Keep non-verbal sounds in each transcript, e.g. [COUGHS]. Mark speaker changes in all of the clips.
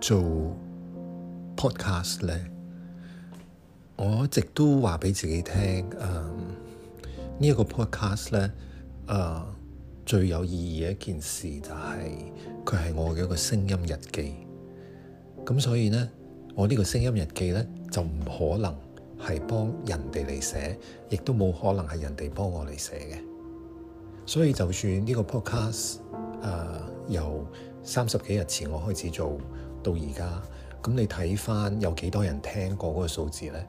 Speaker 1: 做 podcast 咧，我一直都話俾自己聽，誒，呢一個 podcast 咧，誒，最有意義嘅一件事就係佢係我嘅一個聲音日記。咁所以咧，我呢個聲音日記咧就唔可能係幫人哋嚟寫，亦都冇可能係人哋幫我嚟寫嘅。所以就算呢個 podcast 誒，由三十幾日前我開始做。到而家咁，你睇翻有幾多人聽過嗰個數字呢？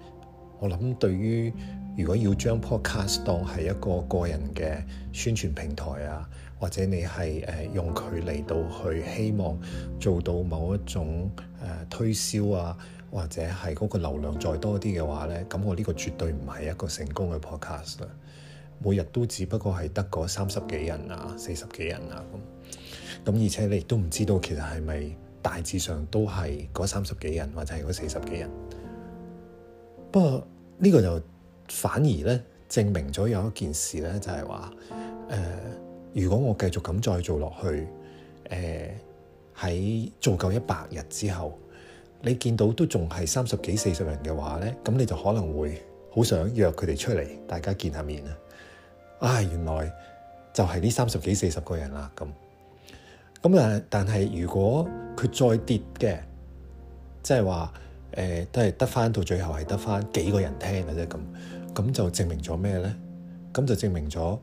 Speaker 1: 我諗，對於如果要將 podcast 當係一個個人嘅宣傳平台啊，或者你係誒用佢嚟到去希望做到某一種誒、呃、推銷啊，或者係嗰個流量再多啲嘅話呢，咁我呢個絕對唔係一個成功嘅 podcast 啦。每日都只不過係得嗰三十幾人啊、四十幾人啊咁，而且你都唔知道其實係咪？大致上都係嗰三十幾人或者係嗰四十幾人，不過呢個就反而咧證明咗有一件事咧，就係話誒，如果我繼續咁再做落去，誒、呃、喺做夠一百日之後，你見到都仲係三十幾四十人嘅話咧，咁你就可能會好想約佢哋出嚟，大家見下面啊！啊，原來就係呢三十幾四十個人啦咁。咁但係但係如果佢再跌嘅，即係話誒都係得翻到最後係得翻幾個人聽嘅啫咁，咁就證明咗咩咧？咁就證明咗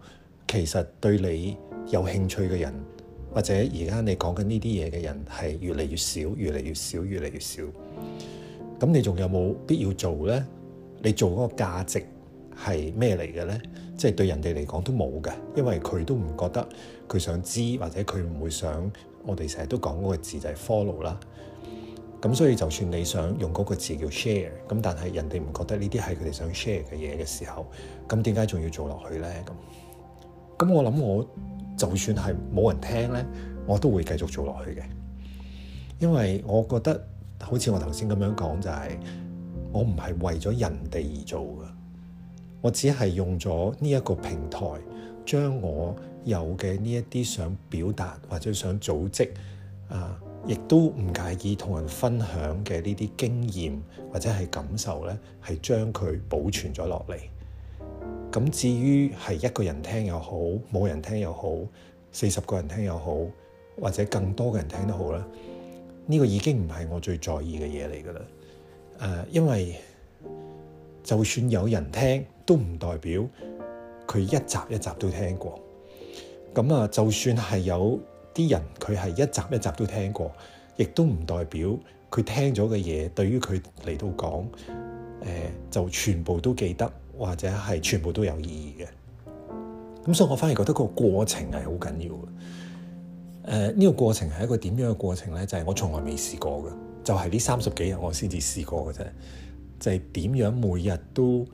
Speaker 1: 其實對你有興趣嘅人，或者而家你講緊呢啲嘢嘅人係越嚟越少，越嚟越少，越嚟越少。咁你仲有冇必要做咧？你做嗰個價值係咩嚟嘅咧？即係對人哋嚟講都冇嘅，因為佢都唔覺得佢想知，或者佢唔會想我哋成日都講嗰個字就係 follow 啦。咁所以就算你想用嗰個字叫 share，咁但係人哋唔覺得呢啲係佢哋想 share 嘅嘢嘅時候，咁點解仲要做落去呢？咁咁我諗我就算係冇人聽呢，我都會繼續做落去嘅，因為我覺得好似我頭先咁樣講就係、是、我唔係為咗人哋而做噶。我只係用咗呢一個平台，將我有嘅呢一啲想表達或者想組織啊，亦都唔介意同人分享嘅呢啲經驗或者係感受呢，係將佢保存咗落嚟。咁至於係一個人聽又好，冇人聽又好，四十個人聽又好，或者更多嘅人聽都好咧，呢個已經唔係我最在意嘅嘢嚟噶啦。誒，因為就算有人聽。都唔代表佢一集一集都聽過，咁啊，就算係有啲人佢係一集一集都聽過，亦都唔代表佢聽咗嘅嘢對於佢嚟到講，誒、呃、就全部都記得或者係全部都有意義嘅。咁所以，我反而覺得個過程係好緊要嘅。誒、呃、呢、個過程係一個點樣嘅過程咧？就係、是、我從來未試過嘅，就係、是、呢三十幾日我先至試過嘅啫，就係、是、點樣每日都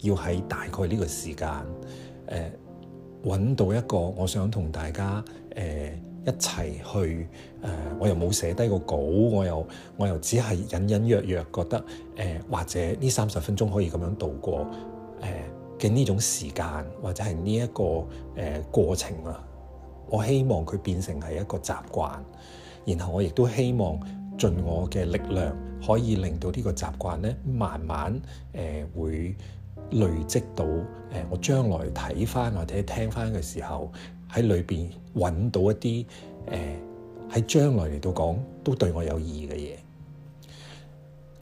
Speaker 1: 要喺大概呢個時間，誒、呃、揾到一個，我想同大家誒、呃、一齊去誒、呃。我又冇寫低個稿，我又我又只係隱隱約約覺得誒、呃，或者呢三十分鐘可以咁樣度過誒嘅呢種時間，或者係呢一個誒、呃、過程啊。我希望佢變成係一個習慣，然後我亦都希望盡我嘅力量可以令到這個習慣呢個習慣咧，慢慢誒、呃、會。累積到，誒，我將來睇翻或者聽翻嘅時候，喺裏邊揾到一啲，誒，喺將來嚟到講都對我有意義嘅嘢。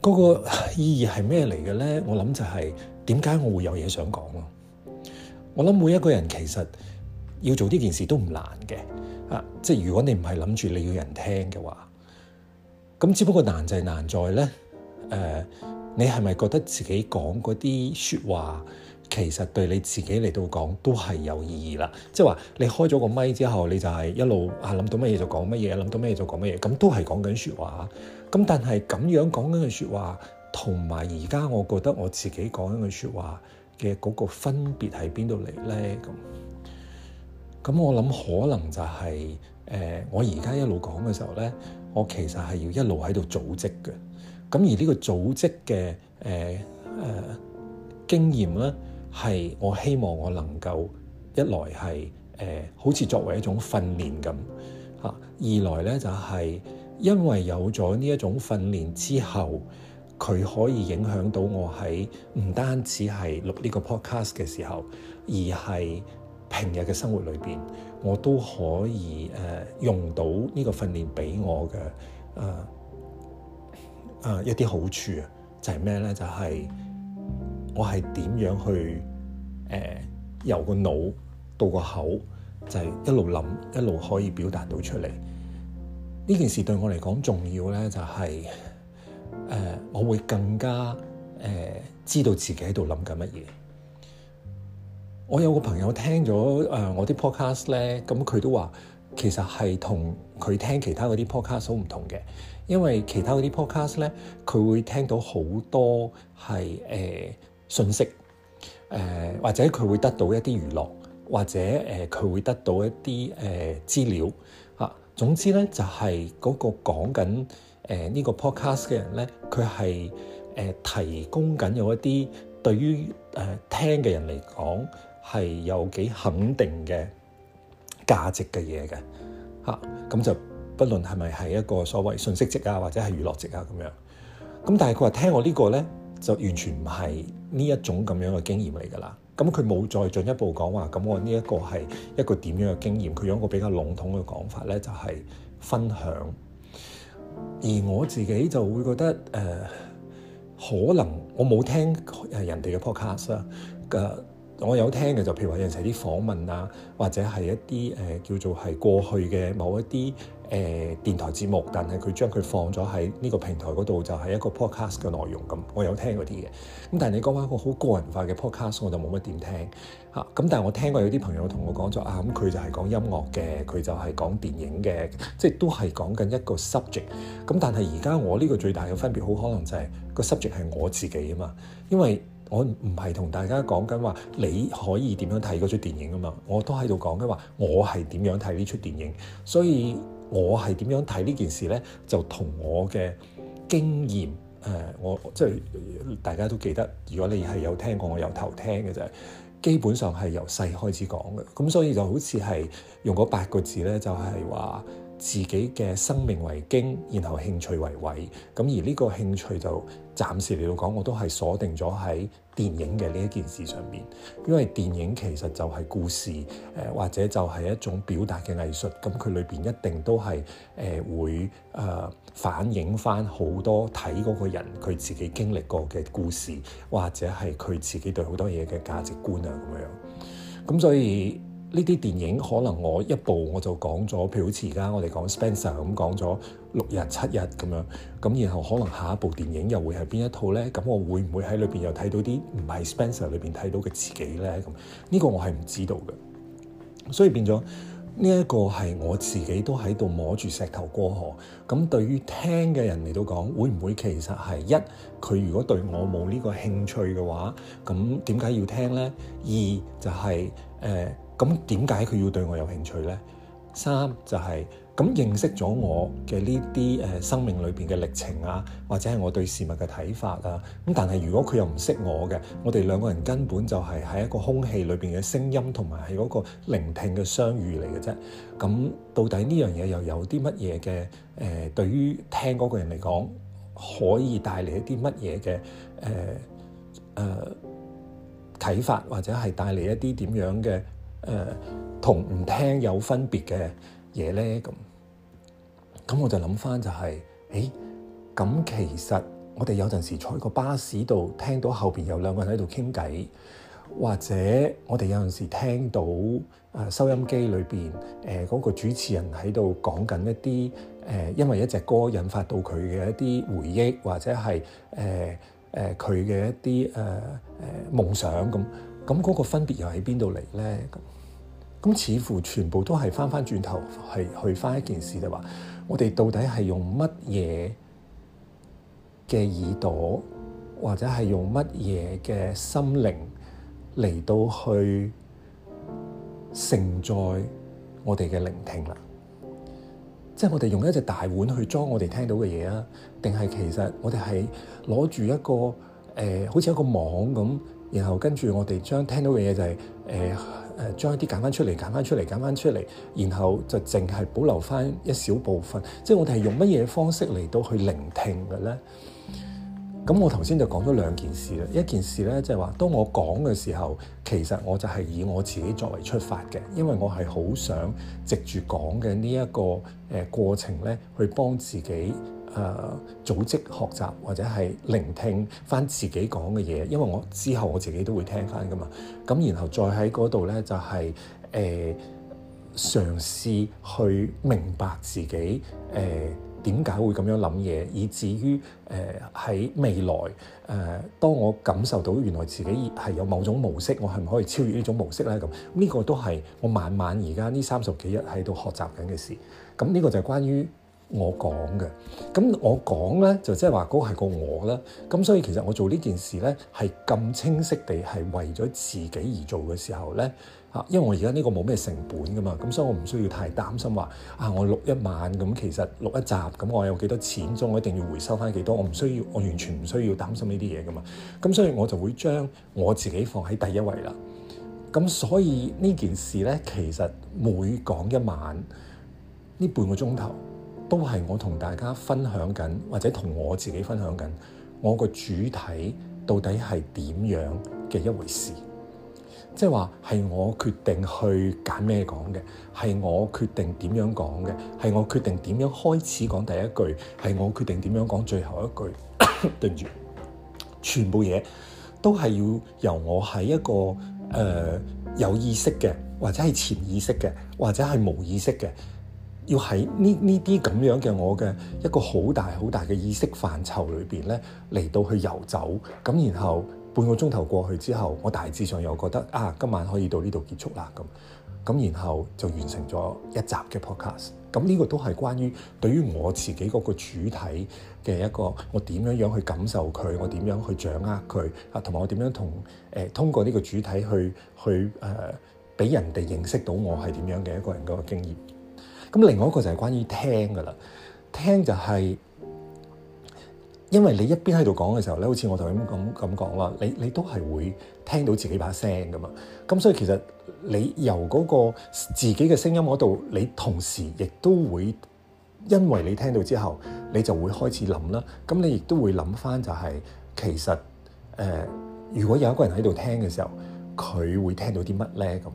Speaker 1: 嗰、嗰個意義係咩嚟嘅咧？我諗就係點解我會有嘢想講咯。我諗每一個人其實要做呢件事都唔難嘅，啊，即係如果你唔係諗住你要人聽嘅話，咁只不過難就係難在咧，誒、啊。你係咪覺得自己講嗰啲説話，其實對你自己嚟到講都係有意義啦？即係話你開咗個麥之後，你就係一路啊諗到乜嘢就講乜嘢，諗到乜嘢就講乜嘢，咁都係講緊説話。咁但係咁樣講緊嘅説話，同埋而家我覺得我自己講緊嘅説話嘅嗰個分別喺邊度嚟呢？咁咁我諗可能就係、是、誒、呃，我而家一路講嘅時候呢，我其實係要一路喺度組織嘅。咁而呢個組織嘅誒誒經驗咧，係我希望我能夠一來係、呃、好似作為一種訓練咁嚇，二來咧就係、是、因為有咗呢一種訓練之後，佢可以影響到我喺唔單止係錄呢個 podcast 嘅時候，而係平日嘅生活裏面，我都可以、呃、用到呢個訓練俾我嘅啊、呃、一啲好處啊，就係咩咧？就係、是、我係點樣去誒、呃、由個腦到個口，就係、是、一路諗一路可以表達到出嚟。呢件事對我嚟講重要咧，就係、是、誒、呃、我會更加誒、呃、知道自己喺度諗緊乜嘢。我有個朋友聽咗誒、呃、我啲 podcast 咧，咁、嗯、佢都話其實係同，佢聽其他嗰啲 podcast 好唔同嘅，因為其他嗰啲 podcast 咧，佢會聽到好多係誒信息，誒、呃、或者佢會得到一啲娛樂，或者誒佢、呃、會得到一啲誒資料啊。總之咧，就係、是、嗰個講緊、呃這個、呢個 podcast 嘅人咧，佢係誒提供緊有一啲對於誒、呃、聽嘅人嚟講係有幾肯定嘅價值嘅嘢嘅。咁、啊、就不論係咪係一個所謂信息值啊，或者係娛樂值啊咁樣，咁但係佢話聽我這個呢個咧，就完全唔係呢一種咁樣嘅經驗嚟噶啦。咁佢冇再進一步講話，咁我呢一個係一個點樣嘅經驗？佢用一個比較籠統嘅講法咧，就係、是、分享。而我自己就會覺得，誒、呃，可能我冇聽誒人哋嘅 podcast 啊，個。我有聽嘅就譬如話有陣時啲訪問啊，或者係一啲誒、呃、叫做係過去嘅某一啲誒、呃、電台節目，但係佢將佢放咗喺呢個平台嗰度，就係、是、一個 podcast 嘅內容咁。我有聽嗰啲嘅，咁但係你講返一個好個人化嘅 podcast，我就冇乜點聽吓。咁、啊、但係我聽過有啲朋友同我講咗啊，咁、嗯、佢就係講音樂嘅，佢就係講電影嘅，即係都係講緊一個 subject。咁但係而家我呢個最大嘅分別，好可能就係個 subject 係我自己啊嘛，因為。我唔係同大家講緊話你可以點樣睇嗰出電影啊嘛，我都喺度講緊話我係點樣睇呢出電影，所以我係點樣睇呢件事呢，就同我嘅經驗誒、呃，我即係大家都記得，如果你係有聽過我，我由頭聽嘅啫、就是，基本上係由細開始講嘅，咁所以就好似係用嗰八個字呢，就係、是、話。自己嘅生命為經，然後興趣為緯，咁而呢個興趣就暫時嚟到講，我都係鎖定咗喺電影嘅呢一件事上面，因為電影其實就係故事，誒、呃、或者就係一種表達嘅藝術，咁佢裏邊一定都係誒、呃、會誒、呃、反映翻好多睇嗰個人佢自己經歷過嘅故事，或者係佢自己對好多嘢嘅價值觀啊咁樣，咁所以。呢啲電影可能我一部我就講咗，譬如好似而家我哋講 Spencer 咁講咗六日七日咁樣，咁然後可能下一部電影又會係邊一套呢？咁我會唔會喺裏面又睇到啲唔係 Spencer 裏面睇到嘅自己呢？咁呢個我係唔知道嘅，所以變咗呢一個係我自己都喺度摸住石頭過河。咁對於聽嘅人嚟到講，會唔會其實係一佢如果對我冇呢個興趣嘅話，咁點解要聽呢？二就係、是、誒。呃咁點解佢要對我有興趣呢？三就係、是、咁認識咗我嘅呢啲誒生命裏面嘅歷程啊，或者係我對事物嘅睇法啊。咁但係如果佢又唔識我嘅，我哋兩個人根本就係喺一個空氣裏面嘅聲音，同埋係嗰個聆聽嘅相遇嚟嘅啫。咁到底呢樣嘢又有啲乜嘢嘅誒？對於聽嗰個人嚟講，可以帶嚟一啲乜嘢嘅誒誒啟發，或者係帶嚟一啲點樣嘅？誒同唔聽有分別嘅嘢咧，咁咁我就諗翻就係、是，誒咁其實我哋有陣時坐喺個巴士度聽到後邊有兩個人喺度傾偈，或者我哋有陣時聽到誒、呃、收音機裏邊誒嗰個主持人喺度講緊一啲誒、呃，因為一隻歌引發到佢嘅一啲回憶，或者係誒誒佢嘅一啲誒誒夢想咁，咁、呃、嗰個分別又喺邊度嚟咧？咁似乎全部都係翻翻轉頭，係去翻一件事就話，我哋到底係用乜嘢嘅耳朵，或者係用乜嘢嘅心靈嚟到去承載我哋嘅聆聽啦？即係我哋用一隻大碗去裝我哋聽到嘅嘢啊？定係其實我哋係攞住一個誒、呃，好似一個網咁，然後跟住我哋將聽到嘅嘢就係、是、誒。呃誒將一啲揀翻出嚟，揀翻出嚟，揀翻出嚟，然後就淨係保留翻一小部分，即係我哋係用乜嘢方式嚟到去聆聽嘅咧？咁我頭先就講咗兩件事啦，一件事咧即係話，當我講嘅時候，其實我就係以我自己作為出發嘅，因為我係好想藉住講嘅呢一個誒過程咧，去幫自己。誒組織學習或者係聆聽翻自己講嘅嘢，因為我之後我自己都會聽翻噶嘛。咁然後再喺嗰度呢，就係、是、誒、呃、嘗試去明白自己誒點解會咁樣諗嘢，以至於誒喺、呃、未來誒、呃，當我感受到原來自己係有某種模式，我係唔可以超越呢種模式呢。咁呢個都係我慢慢而家呢三十幾日喺度學習緊嘅事。咁呢個就係關於，我講嘅咁，我講呢，就即係話嗰個係個我啦。咁所以其實我做呢件事呢，係咁清晰地係為咗自己而做嘅時候呢。啊，因為我而家呢個冇咩成本㗎嘛，咁所以我唔需要太擔心話啊，我錄一晚咁，其實錄一集咁，我有幾多錢，我一定要回收返幾多，我唔需要，我完全唔需要擔心呢啲嘢㗎嘛。咁所以我就會將我自己放喺第一位啦。咁所以呢件事呢，其實每講一晚呢半個鐘頭。都係我同大家分享緊，或者同我自己分享緊，我個主體到底係點樣嘅一回事？即係話係我決定去揀咩講嘅，係我決定點樣講嘅，係我決定點樣開始講第一句，係我決定點樣講最後一句。 [COUGHS] 對唔住，全部嘢都係要由我喺一個誒、呃、有意識嘅，或者係潛意識嘅，或者係冇意識嘅。要喺呢呢啲咁樣嘅我嘅一個好大好大嘅意識範疇裏邊呢，嚟到去遊走咁，然後半個鐘頭過去之後，我大致上又覺得啊，今晚可以到呢度結束啦咁咁，然後就完成咗一集嘅 podcast。咁呢個都係關於對於我自己嗰個主體嘅一個我點樣樣去感受佢，我點樣去掌握佢啊，同埋我點樣同誒、呃、通過呢個主體去去誒俾、呃、人哋認識到我係點樣嘅一個人嗰個經驗。咁另外一個就係關於聽噶啦，聽就係因為你一邊喺度講嘅時候咧，好似我頭先咁咁講啦，你你都係會聽到自己把聲噶嘛，咁所以其實你由嗰個自己嘅聲音嗰度，你同時亦都會因為你聽到之後，你就會開始諗啦，咁你亦都會諗翻就係、是、其實、呃，如果有一個人喺度聽嘅時候，佢會聽到啲乜咧咁。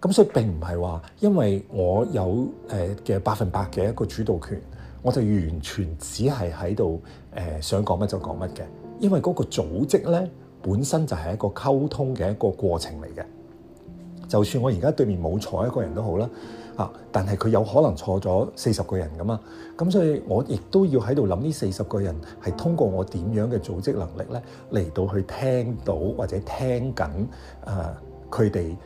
Speaker 1: 咁所以並唔係話，因為我有誒嘅百分百嘅一個主導權，我就完全只係喺度誒想講乜就講乜嘅。因為嗰個組織咧，本身就係一個溝通嘅一個過程嚟嘅。就算我而家對面冇坐一個人都好啦，啊，但係佢有可能坐咗四十個人㗎嘛。咁所以我亦都要喺度諗呢四十個人係通過我點樣嘅組織能力咧，嚟到去聽到或者聽緊啊佢哋。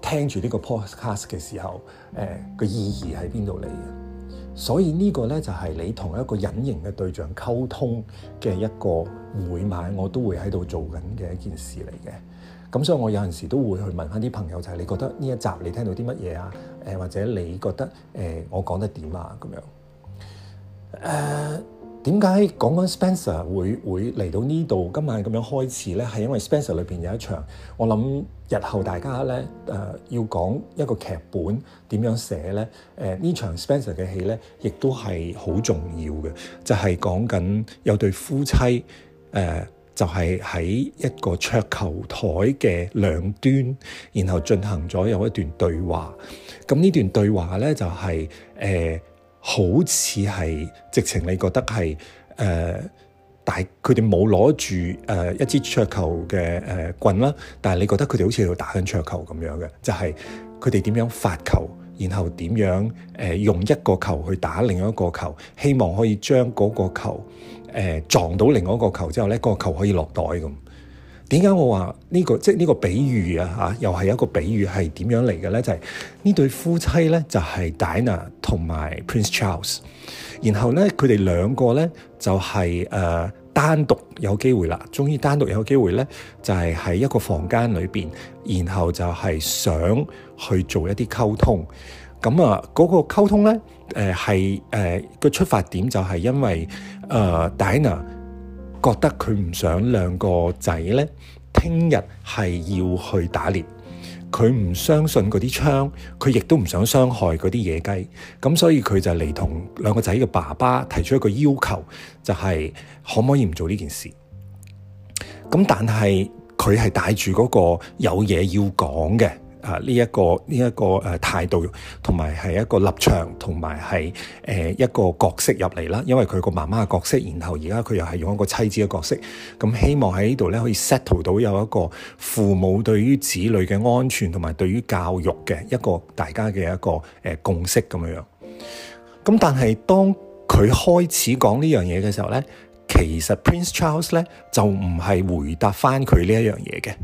Speaker 1: 聽住呢個 podcast 嘅時候，誒、呃、個意義喺邊度嚟嘅？所以這個呢個咧就係、是、你同一個隱形嘅對象溝通嘅一個每晚我都會喺度做緊嘅一件事嚟嘅。咁所以我有陣時都會去問翻啲朋友，就係、是、你覺得呢一集你聽到啲乜嘢啊？誒、呃、或者你覺得誒、呃、我講得點啊？咁樣誒。呃點解講緊 Spencer 會會嚟到呢度今晚咁樣開始咧？係因為 Spencer 裏邊有一場，我諗日後大家咧誒、呃、要講一個劇本點樣寫咧？誒、呃、呢場 Spencer 嘅戲咧，亦都係好重要嘅，就係講緊有對夫妻誒、呃，就係、是、喺一個桌球台嘅兩端，然後進行咗有一段對話。咁呢段對話咧，就係、是、誒。呃好似係直情，你覺得係、呃、但大佢哋冇攞住一支桌球嘅、呃、棍啦，但係你覺得佢哋好似喺度打緊桌球咁樣嘅，就係佢哋點樣發球，然後點樣、呃、用一個球去打另一個球，希望可以將嗰個球、呃、撞到另外一個球之後咧，個球可以落袋咁。點解我話呢、這個即係呢個比喻啊？嚇，又係一個比喻係點樣嚟嘅咧？就係、是、呢對夫妻咧，就係、是、Diana 同埋 Prince Charles，然後咧佢哋兩個咧就係、是、誒、呃、單獨有機會啦，終於單獨有機會咧就係、是、喺一個房間裏邊，然後就係想去做一啲溝通。咁啊嗰個溝通咧誒係誒個出發點就係因為誒、呃、Diana 覺得佢唔想兩個仔咧，聽日係要去打獵。佢唔相信嗰啲槍，佢亦都唔想傷害嗰啲野雞。咁所以佢就嚟同兩個仔嘅爸爸提出一個要求，就係可唔可以唔做呢件事？咁但係佢係帶住嗰個有嘢要講嘅。啊！呢一個呢一個誒態度，同埋係一個立場，同埋係誒一個角色入嚟啦。因為佢個媽媽嘅角色，然後而家佢又係用一個妻子嘅角色。咁、嗯、希望喺呢度咧可以 settle 到有一個父母對於子女嘅安全同埋對於教育嘅一,一個大家嘅一個、呃、共識咁樣樣。咁、嗯、但係當佢開始講呢樣嘢嘅時候咧。其實 Prince Charles 咧就唔係回答翻佢呢一樣嘢嘅，誒、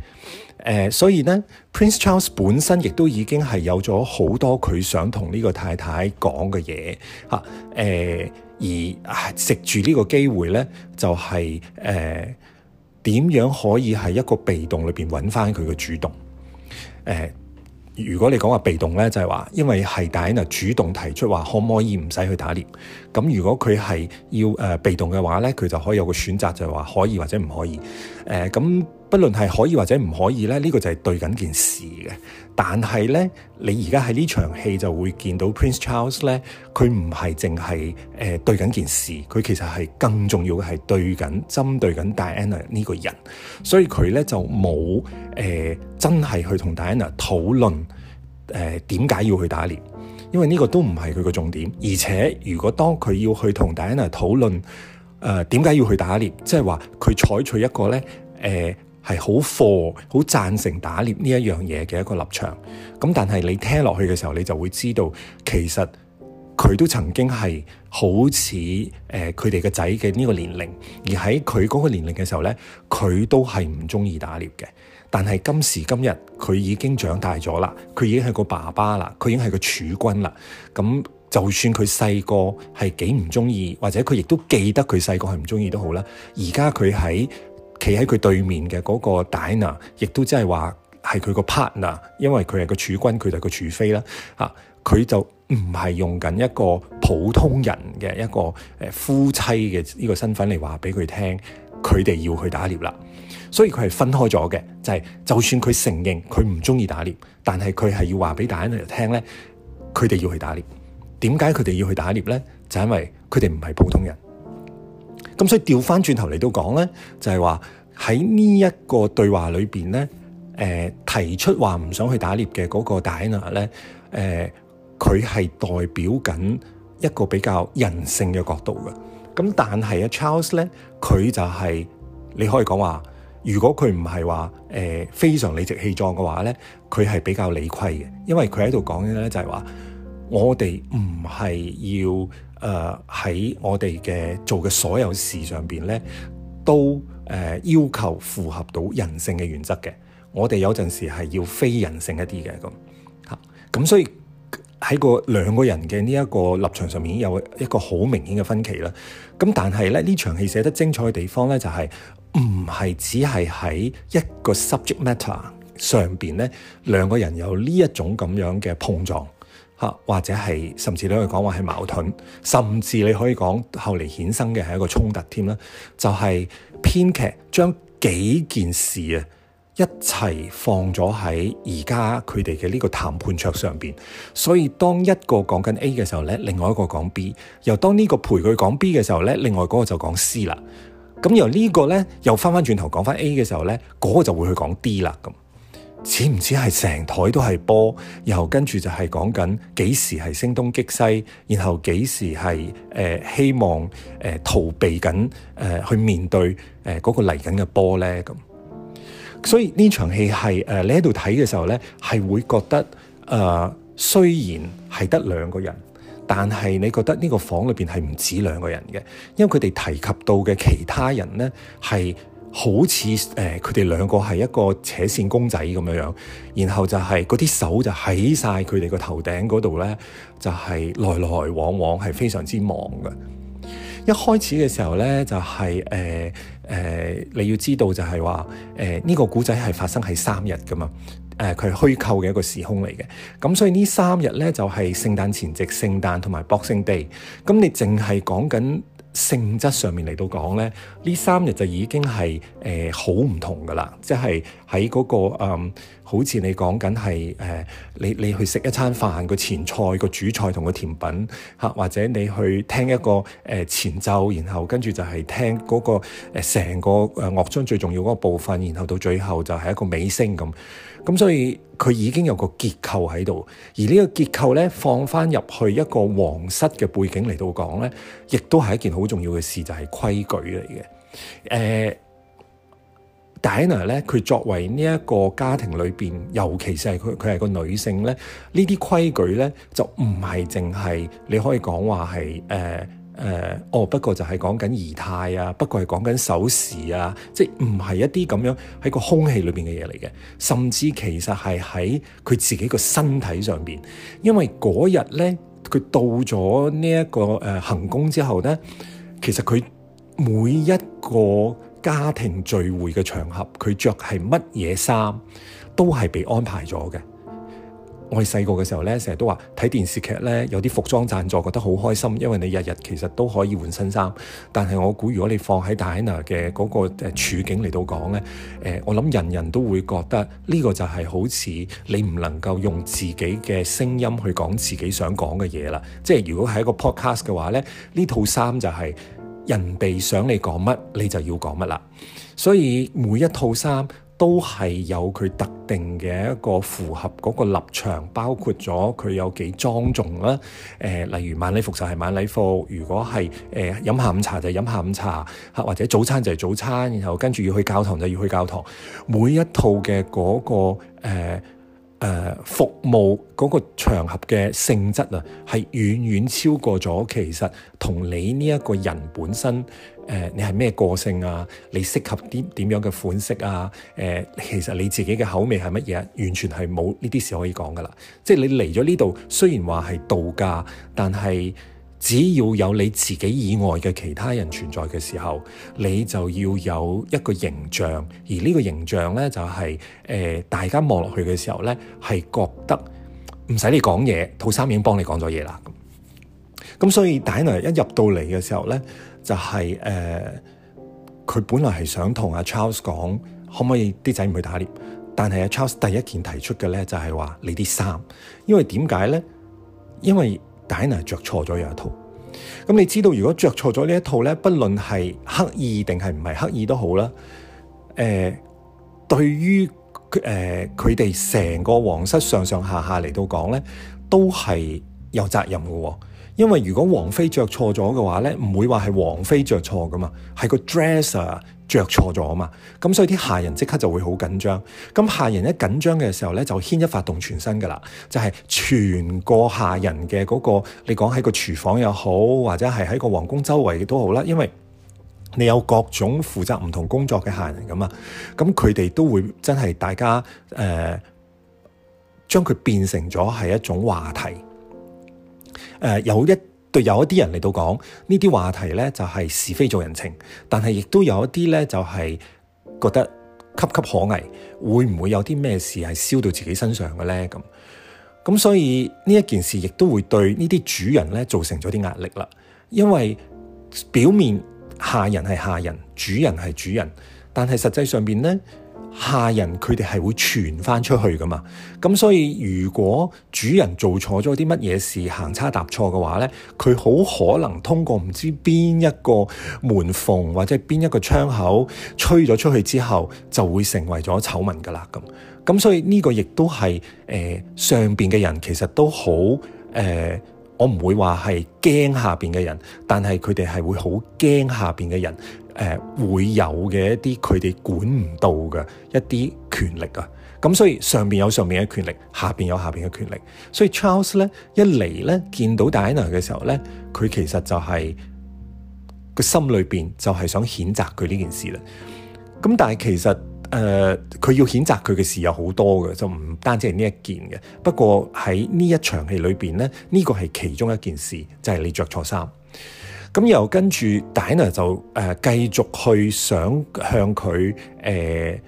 Speaker 1: 呃，所以咧 Prince Charles 本身亦都已經係有咗好多佢想同呢個太太講嘅嘢嚇，誒、啊呃，而食住、啊、呢個機會咧就係誒點樣可以喺一個被動裏邊揾翻佢嘅主動，誒、呃。如果你講話被動呢，就係話，因為係戴安娜主動提出話，可唔可以唔使去打獵？咁如果佢係要、呃、被動嘅話呢，佢就可以有個選擇，就係、是、話可以或者唔可以。誒、呃、咁，不論係可以或者唔可以呢，呢、這個就係對緊件事嘅。但係咧，你而家喺呢場戲就會見到 Prince Charles 咧，佢唔係淨係誒對緊件事，佢其實係更重要嘅係對緊針對緊 Diana 呢個人，所以佢咧就冇誒、呃、真係去同 Diana 討論誒點、呃、解要去打獵，因為呢個都唔係佢個重點。而且如果當佢要去同 Diana 討論誒點、呃、解要去打獵，即係話佢採取一個咧誒。呃係好 for 好贊成打獵呢一樣嘢嘅一個立場，咁但係你聽落去嘅時候，你就會知道其實佢都曾經係好似誒佢哋嘅仔嘅呢個年齡，而喺佢嗰個年齡嘅時候呢，佢都係唔中意打獵嘅。但係今時今日佢已經長大咗啦，佢已經係個爸爸啦，佢已經係個儲君啦。咁就算佢細個係幾唔中意，或者佢亦都記得佢細個係唔中意都好啦。而家佢喺企喺佢對面嘅嗰個戴安娜，亦都即係話係佢個 partner，因為佢係個儲君，佢就係個儲妃啦。啊，佢就唔係用緊一個普通人嘅一個誒夫妻嘅呢個身份嚟話俾佢聽，佢哋要去打獵啦。所以佢係分開咗嘅，就係、是、就算佢承認佢唔中意打獵，但係佢係要話俾戴安娜聽咧，佢哋要去打獵。點解佢哋要去打獵咧？就因為佢哋唔係普通人。咁所以調翻轉頭嚟到講咧，就係話喺呢一個對話裏面咧、呃，提出話唔想去打獵嘅嗰個 Diana 咧，佢係代表緊一個比較人性嘅角度嘅。咁但係啊 Charles 咧，佢就係、是、你可以講話，如果佢唔係話非常理直氣壯嘅話咧，佢係比較理虧嘅，因為佢喺度講嘅咧就係話，我哋唔係要。誒喺、呃、我哋嘅做嘅所有事上面咧，都、呃、要求符合到人性嘅原則嘅。我哋有陣時係要非人性一啲嘅咁吓。咁所以喺個兩個人嘅呢一個立場上面，有一個好明顯嘅分歧啦。咁但係咧，呢場戲寫得精彩嘅地方咧，就係唔係只係喺一個 subject matter 上邊咧，兩個人有呢一種咁樣嘅碰撞。嚇，或者係甚至你可以講話係矛盾，甚至你可以講後嚟衍生嘅係一個衝突添啦。就係、是、編劇將幾件事啊一齊放咗喺而家佢哋嘅呢個談判桌上邊，所以當一個講緊 A 嘅時候咧，另外一個講 B，又當呢個陪佢講 B 嘅時候咧，另外嗰個就講 C 啦。咁由這個呢個咧又翻翻轉頭講翻 A 嘅時候咧，嗰、那個就會去講 D 啦咁。似唔似係成台都係波，然後跟住就係講緊幾時係聲東擊西，然後幾時係誒、呃、希望誒、呃、逃避緊誒、呃、去面對誒嗰、呃這個嚟緊嘅波咧咁。所以呢場戲係誒、呃、你喺度睇嘅時候咧，係會覺得誒、呃、雖然係得兩個人，但係你覺得呢個房裏邊係唔止兩個人嘅，因為佢哋提及到嘅其他人咧係。好似誒佢哋兩個係一個扯線公仔咁樣，然後就係嗰啲手就喺晒佢哋個頭頂嗰度咧，就係、是、來來往往係非常之忙嘅。一開始嘅時候咧，就係誒誒，你要知道就係話誒呢個古仔係發生喺三日噶嘛，誒佢虛構嘅一個時空嚟嘅，咁所以呢三日咧就係聖誕前夕、聖誕同埋 Boxing Day。咁你淨係講緊。性質上面嚟到講咧，呢三日就已經係誒好唔同噶啦，即係喺嗰個、嗯、好似你講緊係誒，你你去食一餐飯，個前菜、個主菜同個甜品，或者你去聽一個、呃、前奏，然後跟住就係聽嗰個誒成個誒樂章最重要嗰部分，然後到最後就係一個尾聲咁。咁所以佢已經有個結構喺度，而呢個結構咧放翻入去一個皇室嘅背景嚟到講咧，亦都係一件好重要嘅事，就係、是、規矩嚟嘅。誒、呃，戴安娜咧，佢作為呢一個家庭裏邊，尤其是係佢佢係個女性咧，呢啲規矩咧就唔係淨係你可以講話，係、呃、誒。誒、呃，哦，不過就係講緊儀態啊，不過係講緊守時啊，即係唔係一啲咁樣喺個空氣裏面嘅嘢嚟嘅，甚至其實係喺佢自己個身體上面。因為嗰日咧，佢到咗呢一個、呃、行宮之後咧，其實佢每一個家庭聚會嘅場合，佢着係乜嘢衫都係被安排咗嘅。我哋細個嘅時候咧，成日都話睇電視劇咧，有啲服裝贊助覺得好開心，因為你日日其實都可以換新衫。但係我估如果你放喺戴安娜嘅嗰個誒處境嚟到講咧，誒我諗人人都會覺得呢個就係好似你唔能夠用自己嘅聲音去講自己想講嘅嘢啦。即係如果係一個 podcast 嘅話咧，呢套衫就係人哋想你講乜，你就要講乜啦。所以每一套衫，都係有佢特定嘅一個符合嗰個立場，包括咗佢有幾莊重啦。誒、呃，例如晚禮服就係晚禮服，如果係誒、呃、飲下午茶就係飲下午茶，嚇或者早餐就係早餐，然後跟住要去教堂就要去教堂，每一套嘅嗰、那個、呃誒、呃、服務嗰個場合嘅性質啊，係遠遠超過咗其實同你呢一個人本身，呃、你係咩個性啊，你適合啲點樣嘅款式啊、呃，其實你自己嘅口味係乜嘢，完全係冇呢啲事可以講噶啦。即係你嚟咗呢度，雖然話係度假，但係，只要有你自己以外嘅其他人存在嘅時候，你就要有一個形象，而呢個形象咧就係、是、誒、呃，大家望落去嘅時候咧係覺得唔使你講嘢，套衫已經幫你講咗嘢啦。咁咁所以戴娜一入到嚟嘅時候咧，就係、是、誒，佢、呃、本來係想同阿 Charles 講可唔可以啲仔唔去打獵，但係阿 Charles 第一件提出嘅咧就係、是、話你啲衫，因為點解咧？因為戴安娜着錯咗有一套，咁你知道如果着錯咗呢一套咧，不論係刻意定係唔係刻意都好啦，誒、呃，對於誒佢哋成個皇室上上下下嚟到講咧，都係有責任嘅，因為如果王妃着錯咗嘅話咧，唔會話係王妃着錯噶嘛，係個 dresser。着錯咗啊嘛，咁所以啲下人即刻就會好緊張。咁下人一緊張嘅時候咧，就牽一髮動全身㗎喇，就係、是、全個下人嘅嗰、那個，你講喺個廚房又好，或者係喺個皇宮周圍嘅都好啦，因為你有各種負責唔同工作嘅下人㗎嘛，咁佢哋都會真係大家誒將佢變成咗係一種話題，誒、呃、有一。對有一啲人嚟到講呢啲話題呢，就係是，是非做人情，但係亦都有一啲呢，就係覺得岌岌可危，會唔會有啲咩事係燒到自己身上嘅呢？咁咁，所以呢一件事亦都會對呢啲主人呢造成咗啲壓力啦，因為表面下人係下人，主人係主人，但係實際上邊呢。下人佢哋係會傳翻出去噶嘛，咁所以如果主人做錯咗啲乜嘢事，行差踏錯嘅話咧，佢好可能通過唔知邊一個門縫或者邊一個窗口吹咗出去之後，就會成為咗醜聞噶啦咁。咁所以呢個亦都係誒上邊嘅人其實都好誒、呃，我唔會話係驚下邊嘅人，但係佢哋係會好驚下邊嘅人。誒、呃、會有嘅一啲佢哋管唔到嘅一啲權力啊，咁所以上邊有上面嘅權力，下邊有下邊嘅權力。所以 Charles 咧一嚟咧見到 Diana 嘅時候咧，佢其實就係、是、個心裏邊就係想譴責佢呢件事咧。咁但係其實誒佢、呃、要譴責佢嘅事有好多嘅，就唔單止係呢一件嘅。不過喺呢一場戲裏邊咧，呢、這個係其中一件事，就係、是、你着錯衫。咁又跟住 Diana 就、呃、繼續去想向佢、呃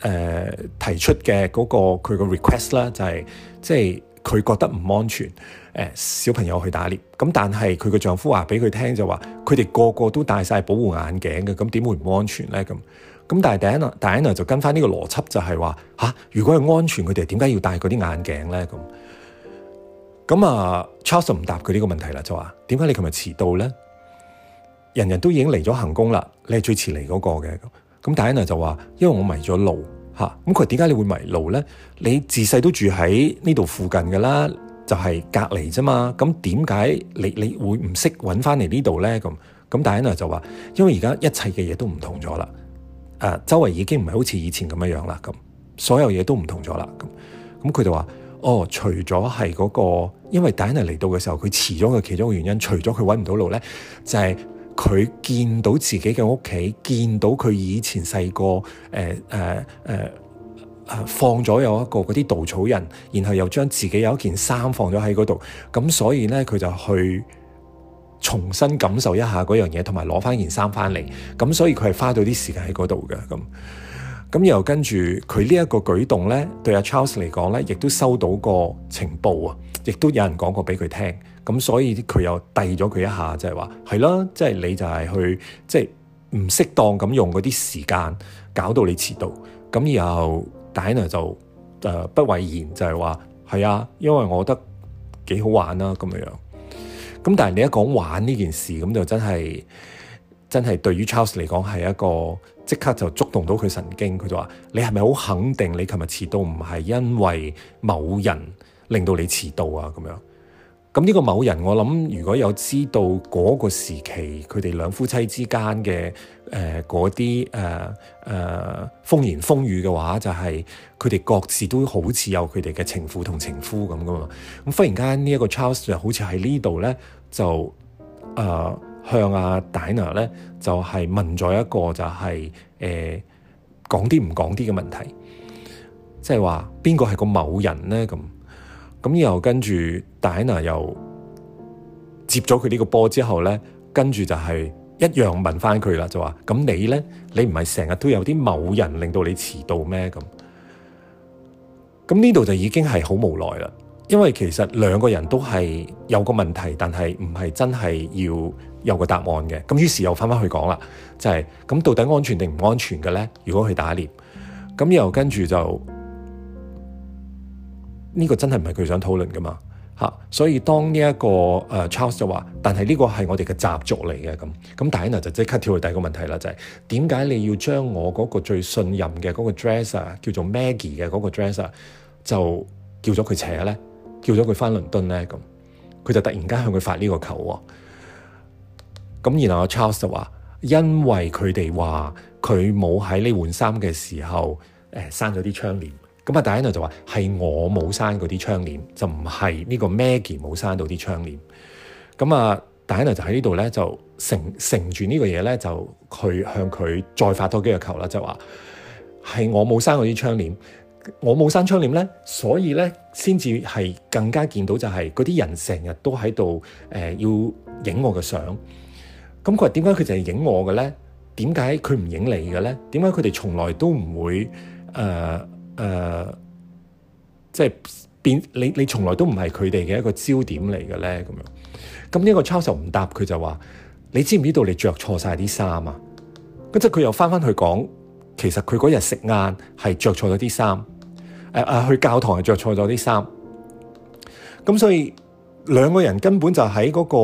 Speaker 1: 呃、提出嘅嗰、那個佢個 request 啦，就係、是、即係佢覺得唔安全、呃、小朋友去打獵，咁但係佢個丈夫話俾佢聽就話佢哋個個都戴晒保護眼鏡嘅，咁點會唔安全咧？咁咁但係 Diana 就跟翻呢個邏輯就係話吓，如果係安全，佢哋點解要戴嗰啲眼鏡咧？咁咁啊，Charles 就唔答佢呢個問題啦，就話點解你琴日遲到咧？人人都已經嚟咗行宮啦，你係最遲嚟嗰個嘅。咁，咁戴安娜就話：因為我迷咗路吓？咁佢，點解你會迷路咧？你自細都住喺呢度附近㗎啦，就係隔離啫嘛。咁點解你你會唔識揾翻嚟呢度咧？咁，咁戴安娜就話：因為而家一切嘅嘢都唔同咗啦。誒、啊，周圍已經唔係好似以前咁樣樣啦。咁，所有嘢都唔同咗啦。咁，咁佢就話：哦，除咗係嗰個，因為戴安娜嚟到嘅時候，佢遲咗嘅其中嘅原因，除咗佢揾唔到路咧，就係、是。佢見到自己嘅屋企，見到佢以前細個誒誒誒放咗有一個嗰啲稻草人，然後又將自己有一件衫放咗喺嗰度，咁所以呢，佢就去重新感受一下嗰樣嘢，同埋攞翻件衫翻嚟，咁所以佢係花到啲時間喺嗰度嘅，咁咁然後跟住佢呢一個舉動呢，對阿 Charles 嚟講呢，亦都收到個情報啊，亦都有人講過俾佢聽。咁所以佢又遞咗佢一下，就係話：係啦，即係你就係去即係唔適當咁用嗰啲時間，搞到你遲到。咁然後 Diana 就、呃、不諱言，就係話：係啊，因為我覺得幾好玩啦咁樣樣。咁但係你一講玩呢件事，咁就真係真係對於 Charles 嚟講係一個即刻就觸動到佢神經。佢就話：你係咪好肯定？你琴日遲到唔係因為某人令到你遲到啊？咁樣。咁呢個某人，我諗如果有知道嗰個時期佢哋兩夫妻之間嘅嗰啲誒誒風言風語嘅話，就係佢哋各自都好似有佢哋嘅情婦同情夫咁噶嘛。咁忽然間呢一個 Charles 就好似喺呢度咧，就誒、呃、向阿 Diana 咧，就係、是、問咗一個就係、是、誒、呃、講啲唔講啲嘅問題，即係話邊個係個某人咧咁。咁又跟住戴安娜又接咗佢呢個波之後呢，跟住就係一樣問翻佢啦，就話：咁你呢？你唔係成日都有啲某人令到你遲到你遲到咩？咁咁呢度就已經係好無奈啦，因為其實兩個人都係有個問題，但係唔係真係要有個答案嘅。咁於是又翻翻去講啦，就係、是、咁到底安全定唔安全嘅呢？如果去打獵，咁又跟住就。呢個真係唔係佢想討論噶嘛嚇，所以當呢、這、一個誒、呃、Charles 就話，但係呢個係我哋嘅習俗嚟嘅咁，咁戴安娜就即刻跳去第二個問題啦，就係點解你要將我嗰個最信任嘅嗰個 dresser 叫做 Maggie 嘅嗰個 dresser 就叫咗佢扯咧，叫咗佢翻倫敦咧咁，佢就突然間向佢發呢個球喎、哦，咁然後 Charles 就話，因為佢哋話佢冇喺呢換衫嘅時候誒閂咗啲窗簾。咁啊戴安娜就話係我冇閂嗰啲窗簾，就唔係呢個 Maggie 冇閂到啲窗簾。咁啊戴安娜就喺呢度咧，就乘乘住呢個嘢咧，就佢向佢再發多幾個球啦。就話係我冇閂嗰啲窗簾，我冇閂窗簾咧，所以咧先至係更加見到就係嗰啲人成日都喺度、呃、要影我嘅相。咁佢話點解佢就係影我嘅咧？點解佢唔影你嘅咧？點解佢哋從來都唔會誒？呃誒，即係、呃就是、變你，你從來都唔係佢哋嘅一個焦點嚟嘅咧。咁樣咁呢個 Charles 唔答佢就話：你知唔知道你着錯晒啲衫啊？咁即係佢又翻翻去講，其實佢嗰日食晏係着錯咗啲衫，誒、呃、誒、啊、去教堂係着錯咗啲衫。咁所以兩個人根本就喺嗰、那個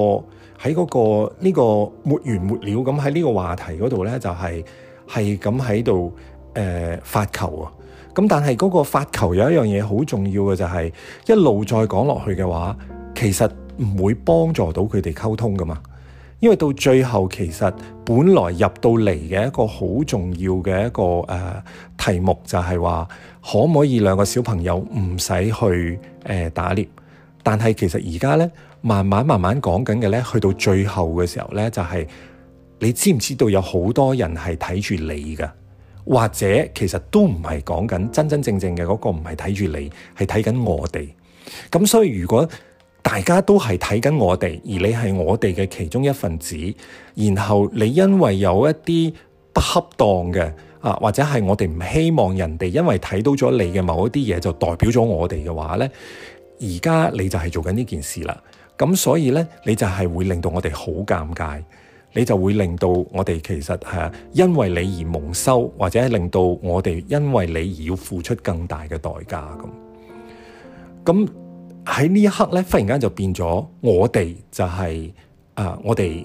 Speaker 1: 喺嗰、那個呢、這個沒完沒了咁喺呢個話題嗰度咧，就係係咁喺度誒發球啊。咁但係嗰個發球有一樣嘢好重要嘅，就係一路再講落去嘅話，其實唔會幫助到佢哋溝通噶嘛。因為到最後其實本來入到嚟嘅一個好重要嘅一個誒、呃、題目就係話，可唔可以兩個小朋友唔使去誒、呃、打獵？但係其實而家咧，慢慢慢慢講緊嘅咧，去到最後嘅時候咧，就係、是、你知唔知道有好多人係睇住你噶？或者其實都唔係講緊真真正正嘅嗰個，唔係睇住你，係睇緊我哋。咁所以如果大家都係睇緊我哋，而你係我哋嘅其中一份子，然後你因為有一啲不恰當嘅啊，或者係我哋唔希望人哋因為睇到咗你嘅某一啲嘢，就代表咗我哋嘅話呢，而家你就係做緊呢件事啦。咁所以呢，你就係會令到我哋好尷尬。你就會令到我哋其實係因為你而蒙羞，或者令到我哋因為你而要付出更大嘅代價咁。咁喺呢一刻咧，忽然間就變咗、就是，我哋就係啊，我哋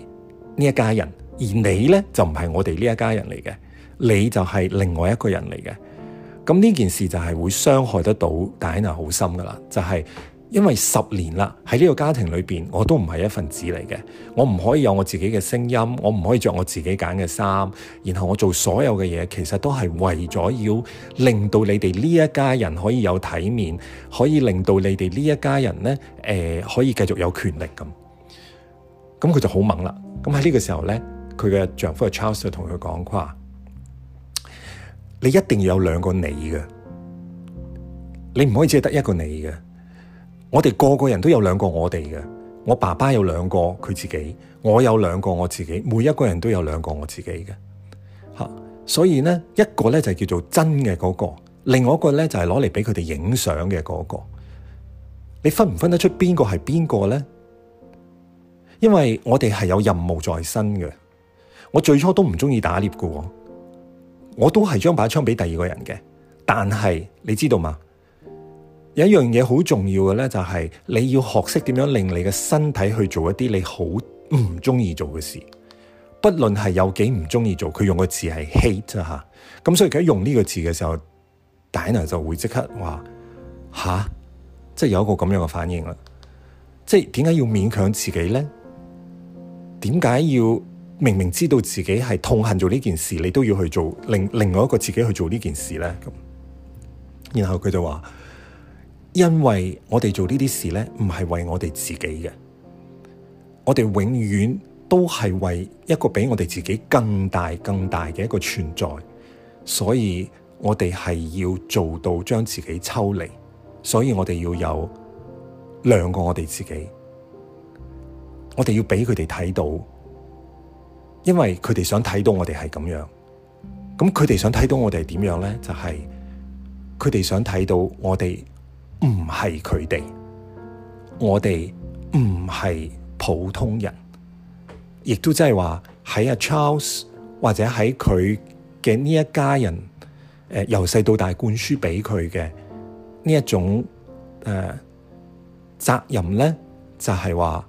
Speaker 1: 呢一家人，而你咧就唔係我哋呢一家人嚟嘅，你就係另外一個人嚟嘅。咁呢件事就係會傷害得到戴安好深噶啦，就係、是。因為十年啦，喺呢個家庭裏邊，我都唔係一份子嚟嘅，我唔可以有我自己嘅聲音，我唔可以着我自己揀嘅衫，然後我做所有嘅嘢，其實都係為咗要令到你哋呢一家人可以有體面，可以令到你哋呢一家人呢，誒、呃、可以繼續有權力咁。咁佢就好猛啦。咁喺呢個時候呢，佢嘅丈夫 Charles 就同佢講話，你一定要有兩個你嘅，你唔可以只係得一個你嘅。我哋個個人都有兩個我哋嘅，我爸爸有兩個佢自己，我有兩個我自己，每一個人都有兩個我自己嘅吓。所以呢，一個呢就叫做真嘅嗰個，另外一個呢就係攞嚟俾佢哋影相嘅嗰個。你分唔分得出邊個係邊個呢？因為我哋係有任務在身嘅。我最初都唔中意打獵嘅，我都係將把，把槍俾第二個人嘅。但係你知道嘛？有一樣嘢好重要嘅咧，就係、是、你要學識點樣令你嘅身體去做一啲你好唔中意做嘅事，不論係有幾唔中意做，佢用個詞係 hate 吓、啊，咁所以佢用呢個字嘅時候，戴娜就會即刻話吓、啊，即係有一個咁樣嘅反應啦，即係點解要勉強自己咧？點解要明明知道自己係痛恨做呢件事，你都要去做另另外一個自己去做呢件事咧？咁，然後佢就話。因為我哋做呢啲事呢，唔係為我哋自己嘅，我哋永遠都係為一個比我哋自己更大、更大嘅一個存在，所以我哋係要做到將自己抽離，所以我哋要有兩個我哋自己，我哋要俾佢哋睇到，因為佢哋想睇到我哋係咁樣，咁佢哋想睇到我哋係點樣呢？就係佢哋想睇到我哋。唔係佢哋，我哋唔係普通人，亦都即係話喺阿 Charles 或者喺佢嘅呢一家人，誒由細到大灌輸俾佢嘅呢一種誒、呃、責任咧，就係、是、話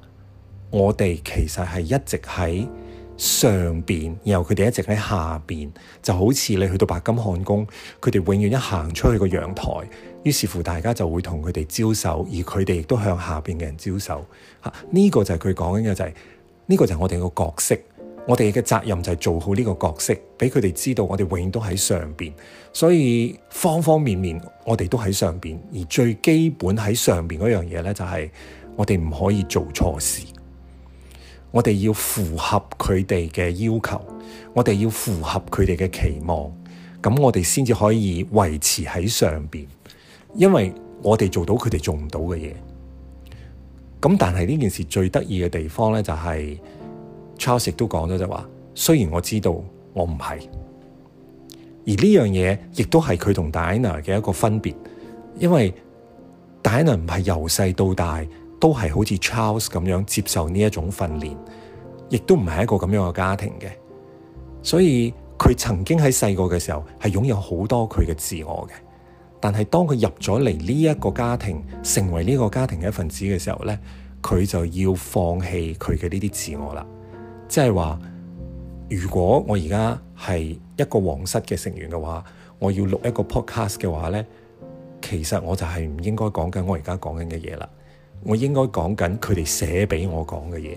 Speaker 1: 我哋其實係一直喺上邊，然後佢哋一直喺下邊，就好似你去到白金漢宮，佢哋永遠一行出去個陽台，於是乎大家就會同佢哋招手，而佢哋亦都向下邊嘅人招手。嚇，呢個就係佢講緊嘅就係，呢個就係我哋個角色，我哋嘅責任就係做好呢個角色，俾佢哋知道我哋永遠都喺上邊，所以方方面面我哋都喺上邊，而最基本喺上邊嗰樣嘢呢，就係我哋唔可以做錯事。我哋要符合佢哋嘅要求，我哋要符合佢哋嘅期望，咁我哋先至可以維持喺上邊，因為我哋做到佢哋做唔到嘅嘢。咁但係呢件事最得意嘅地方咧，就是，就係 Charles 都講咗就話，雖然我知道我唔係，而呢樣嘢亦都係佢同 Diana 嘅一個分別，因為 Diana 唔係由細到大。都係好似 Charles 咁樣接受呢一種訓練，亦都唔係一個咁樣嘅家庭嘅，所以佢曾經喺細個嘅時候係擁有好多佢嘅自我嘅，但係當佢入咗嚟呢一個家庭，成為呢個家庭嘅一份子嘅時候呢，佢就要放棄佢嘅呢啲自我啦。即係話，如果我而家係一個皇室嘅成員嘅話，我要錄一個 podcast 嘅話呢，其實我就係唔應該講緊我而家講緊嘅嘢啦。我應該講緊佢哋寫俾我講嘅嘢，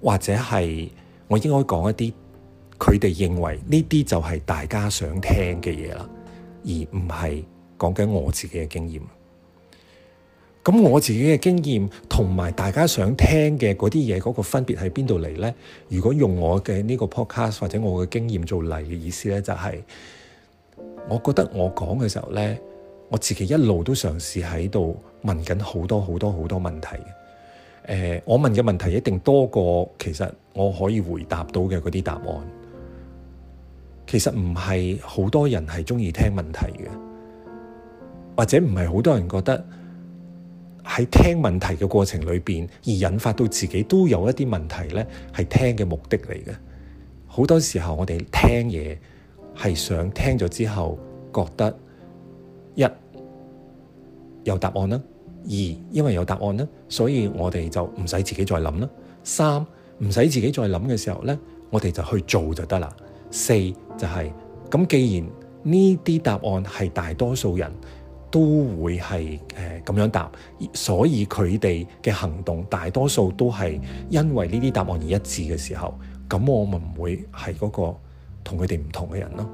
Speaker 1: 或者係我應該講一啲佢哋認為呢啲就係大家想聽嘅嘢啦，而唔係講緊我自己嘅經驗。咁我自己嘅經驗同埋大家想聽嘅嗰啲嘢，嗰個分別喺邊度嚟呢？如果用我嘅呢個 podcast 或者我嘅經驗做例嘅意思呢，就係，就係我覺得我講嘅時候呢，我自己一路都嘗試喺度。問緊好多好多好多問題嘅，誒、呃，我問嘅問題一定多過其實我可以回答到嘅嗰啲答案。其實唔係好多人係中意聽問題嘅，或者唔係好多人覺得喺聽問題嘅過程裏邊而引發到自己都有一啲問題咧係聽嘅目的嚟嘅。好多時候我哋聽嘢係想聽咗之後覺得一。有答案啦，二，因為有答案啦，所以我哋就唔使自己再諗啦。三，唔使自己再諗嘅時候呢，我哋就去做就得啦。四就係咁，既然呢啲答案係大多數人都會係誒咁樣答，所以佢哋嘅行動大多數都係因為呢啲答案而一致嘅時候，咁我咪唔會係嗰個同佢哋唔同嘅人咯。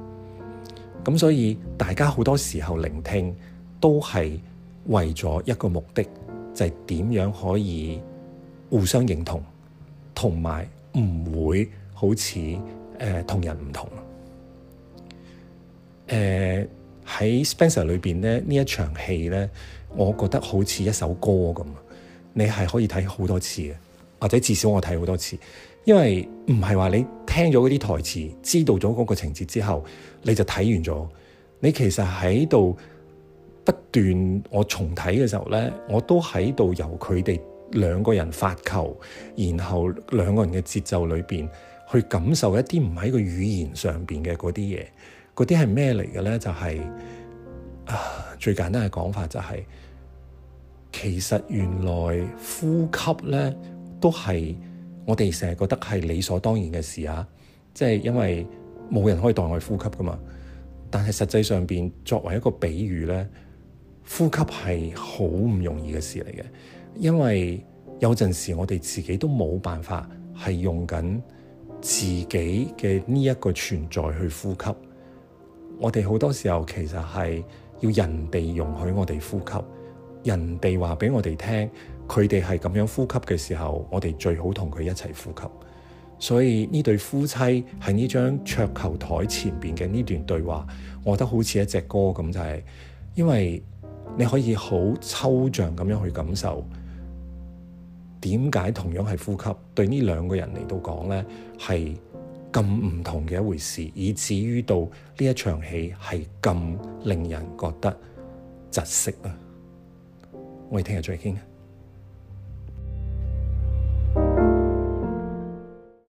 Speaker 1: 咁所以大家好多時候聆聽都係。為咗一個目的，就係點樣可以互相認同，同埋唔會好似誒同人唔同。誒、呃、喺 Spencer 裏邊咧，呢一場戲咧，我覺得好似一首歌咁，你係可以睇好多次嘅，或者至少我睇好多次，因為唔係話你聽咗嗰啲台詞，知道咗嗰個情節之後，你就睇完咗，你其實喺度。不斷我重睇嘅時候咧，我都喺度由佢哋兩個人發球，然後兩個人嘅節奏裏面去感受一啲唔喺個語言上面嘅嗰啲嘢，嗰啲係咩嚟嘅咧？就係啊，最簡單嘅講法就係，其實原來呼吸咧都係我哋成日覺得係理所當然嘅事啊，即係因為冇人可以代我呼吸噶嘛。但係實際上面作為一個比喻咧。呼吸係好唔容易嘅事嚟嘅，因為有陣時我哋自己都冇辦法係用緊自己嘅呢一個存在去呼吸。我哋好多時候其實係要人哋容許我哋呼吸，人哋話俾我哋聽，佢哋係咁樣呼吸嘅時候，我哋最好同佢一齊呼吸。所以呢對夫妻喺呢張桌球台前邊嘅呢段對話，我覺得好似一隻歌咁就係、是，因為。你可以好抽象咁樣去感受，點解同樣係呼吸，對呢兩個人嚟到講咧，係咁唔同嘅一回事，以至於到呢一場戲係咁令人覺得窒息啊！我哋聽日再傾。